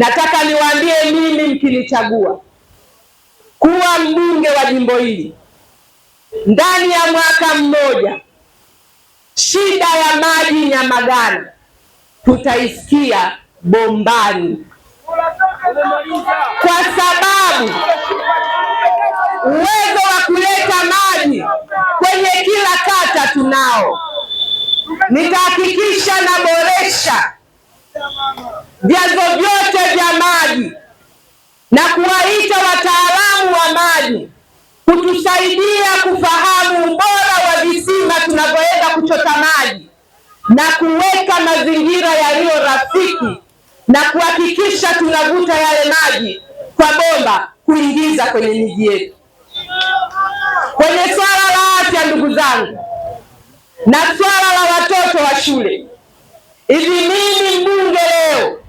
Nataka niwaambie mimi, mkinichagua kuwa mbunge wa jimbo hili, ndani ya mwaka mmoja, shida ya maji Nyamagana tutaisikia Bombani, kwa sababu uwezo wa kuleta maji kwenye kila kata tunao. Nitahakikisha naboresha vyanzo vyote vya maji na kuwaita wataalamu wa maji kutusaidia kufahamu ubora wa visima tunavyoweza kuchota maji na kuweka mazingira yaliyo rafiki na kuhakikisha tunavuta yale maji kwa bomba kuingiza kwenye miji yetu. Kwenye swala la afya, ndugu zangu, na swala la watoto wa shule, hivi mimi mbunge leo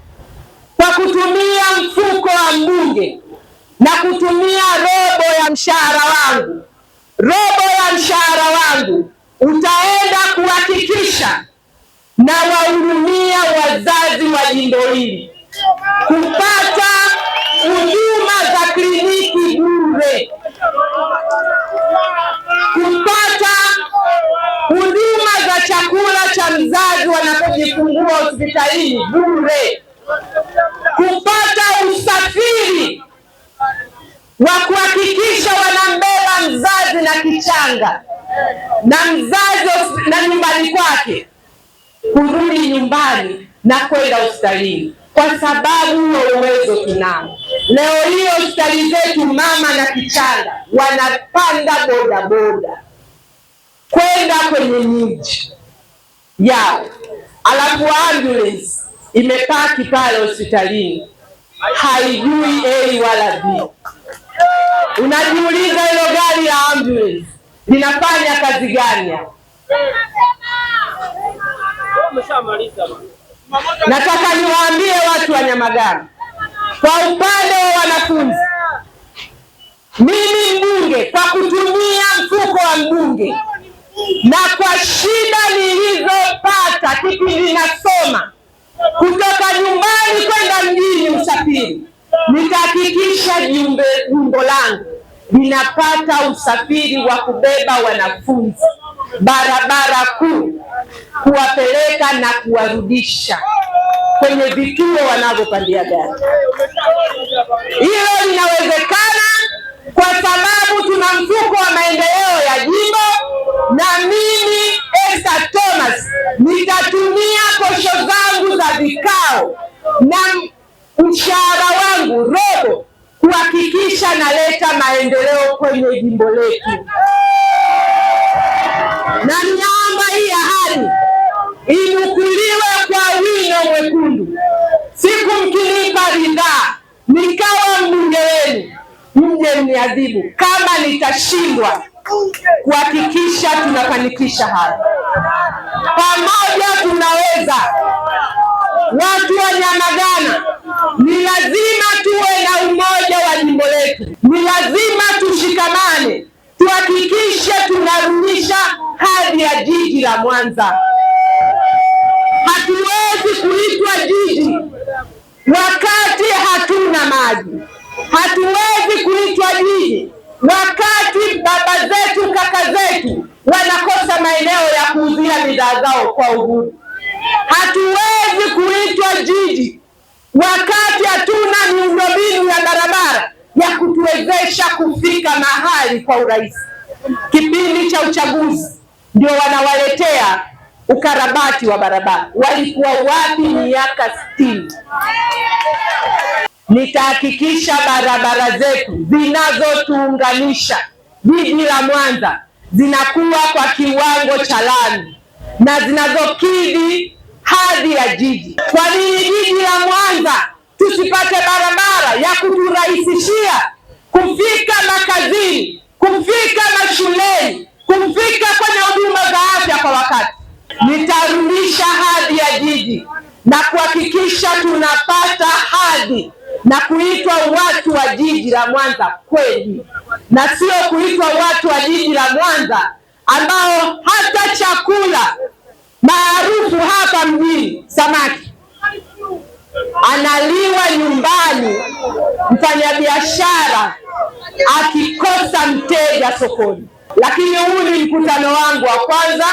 kutumia mfuko wa mbunge na kutumia robo ya mshahara wangu, robo ya mshahara wangu utaenda kuhakikisha na wahudumia wazazi wa jimbo hili kupata huduma za kliniki bure, kupata huduma za chakula cha mzazi wanapojifungua hospitalini bure. wa kuhakikisha wanambeba mzazi na kichanga na mzazi na nyumbani kwake kurudi nyumbani na kwenda hospitalini, kwa sababu huo uwezo tunao. Leo hii hospitali zetu, mama na kichanga wanapanda bodaboda kwenda kwenye miji yao, alafu ambulance imepaki pale hospitalini, haijui A wala B. Unajiuliza hilo gari la ambulance linafanya kazi gani? Nataka niwaambie watu wa Nyamagana, kwa upande wa wanafunzi, mimi mbunge kwa kutumia mfuko wa mbunge na kwa shida nilizopata kipindi nasoma kutoka nyumbani kwenda mjini usafiri, nikahakikisha jimbo langu linapata usafiri wa kubeba wanafunzi barabara kuu kuwapeleka na kuwarudisha kwenye vituo wanavyopandia gari. kuhakikisha naleta maendeleo kwenye jimbo letu, na ninaomba hii ahadi inukuliwe kwa wino mwekundu. Siku mkinipa ridhaa nikawa mbunge wenu, mje mniadhibu kama nitashindwa kuhakikisha tunafanikisha haya. Pamoja tunaweza. Watu wa Nyamagana la Mwanza. Hatuwezi kuitwa jiji wakati hatuna maji, hatuwezi kuitwa jiji wakati baba zetu kaka zetu wanakosa maeneo ya kuuzia bidhaa zao kwa uhuru. Hatuwezi kuitwa jiji wakati hatuna miundombinu ya barabara ya kutuwezesha kufika mahali kwa urahisi. Kipindi cha uchaguzi ndio wanawaletea ukarabati wa barabara. Walikuwa wapi miaka sitini? Nitahakikisha barabara zetu zinazotuunganisha jiji la Mwanza zinakuwa kwa kiwango cha lami na zinazokidhi hadhi ya jiji. Kwa nini jiji la Mwanza tusipate barabara ya kuturahisishia kufika makazini, kufika mashuleni kufika kwenye huduma za afya kwa wakati. Nitarudisha hadhi ya jiji na kuhakikisha tunapata hadhi na kuitwa watu wa jiji la Mwanza kweli, na sio kuitwa watu wa jiji la Mwanza ambao hata chakula maarufu hapa mjini samaki analiwa nyumbani, mfanyabiashara akikosa mteja sokoni lakini huu ni mkutano wangu wa kwanza,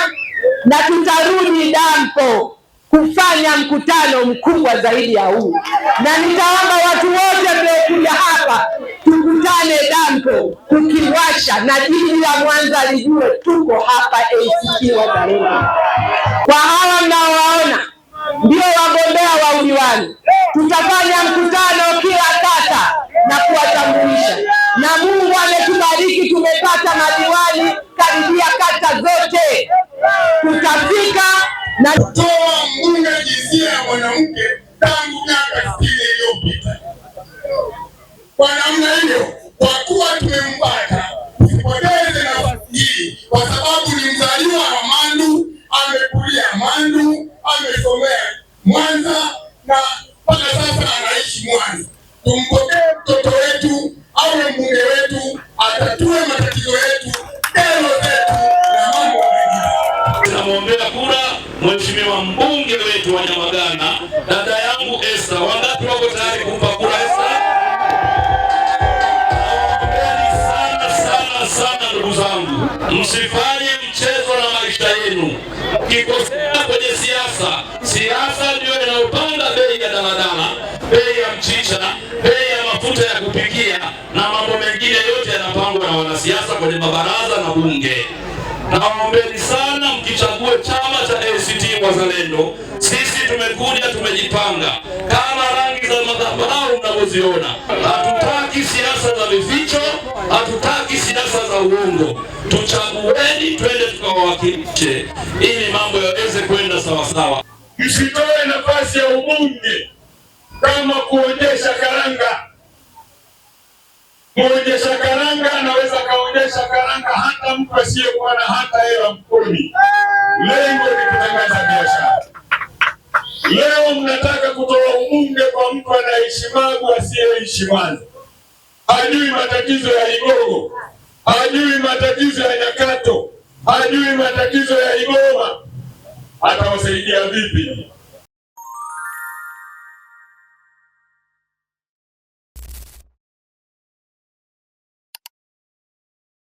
na tutarudi dampo kufanya mkutano mkubwa zaidi ya huu, na nitaomba watu wote mliokuja hapa tukutane dampo tukiwasha, na jiji la Mwanza lijue tuko hapa ACT Wazalendo. Kwa hawa mnaowaona ndio wagombea wa udiwani. Tutafanya mkutano kila kata na kuwatambulisha, na Mungu ametubariki tumepata madiwani baraka zote, tutafika na toa. mwanamke kumwombea kura mheshimiwa mbunge wetu wa Nyamagana, dada yangu esta Wangapi wako tayari kumpa kura Esther? Naombeni sana sana sana, ndugu zangu, msifanye mchezo na maisha yenu. Kikosea kwenye siasa, siasa ndiyo inayopanda bei ya daladala, bei ya mchicha, bei ya mafuta ya kupikia na mambo mengine yote yanapangwa na wanasiasa kwenye mabaraza na bunge. Naombeni sana wazalendo, sisi tumekuja tumejipanga, kama rangi za madhabahu mnavyoziona. Hatutaki siasa za vificho, hatutaki siasa za uongo. Tuchagueni twende tukawawakilishe, ili mambo yaweze kwenda sawasawa. Msitoe nafasi ya ubunge kama kuonyesha karanga. Muonyesha karanga anaweza kaonyesha karanga hata mtu asiyekuwa na hata hela mkoni. Lengo ni Leo mnataka kutoa ubunge kwa mtu asiyeishi asiyeheshimazi, hajui matatizo ya Igogo, hajui matatizo ya Nyakato, hajui matatizo ya Igoma, atawasaidia vipi?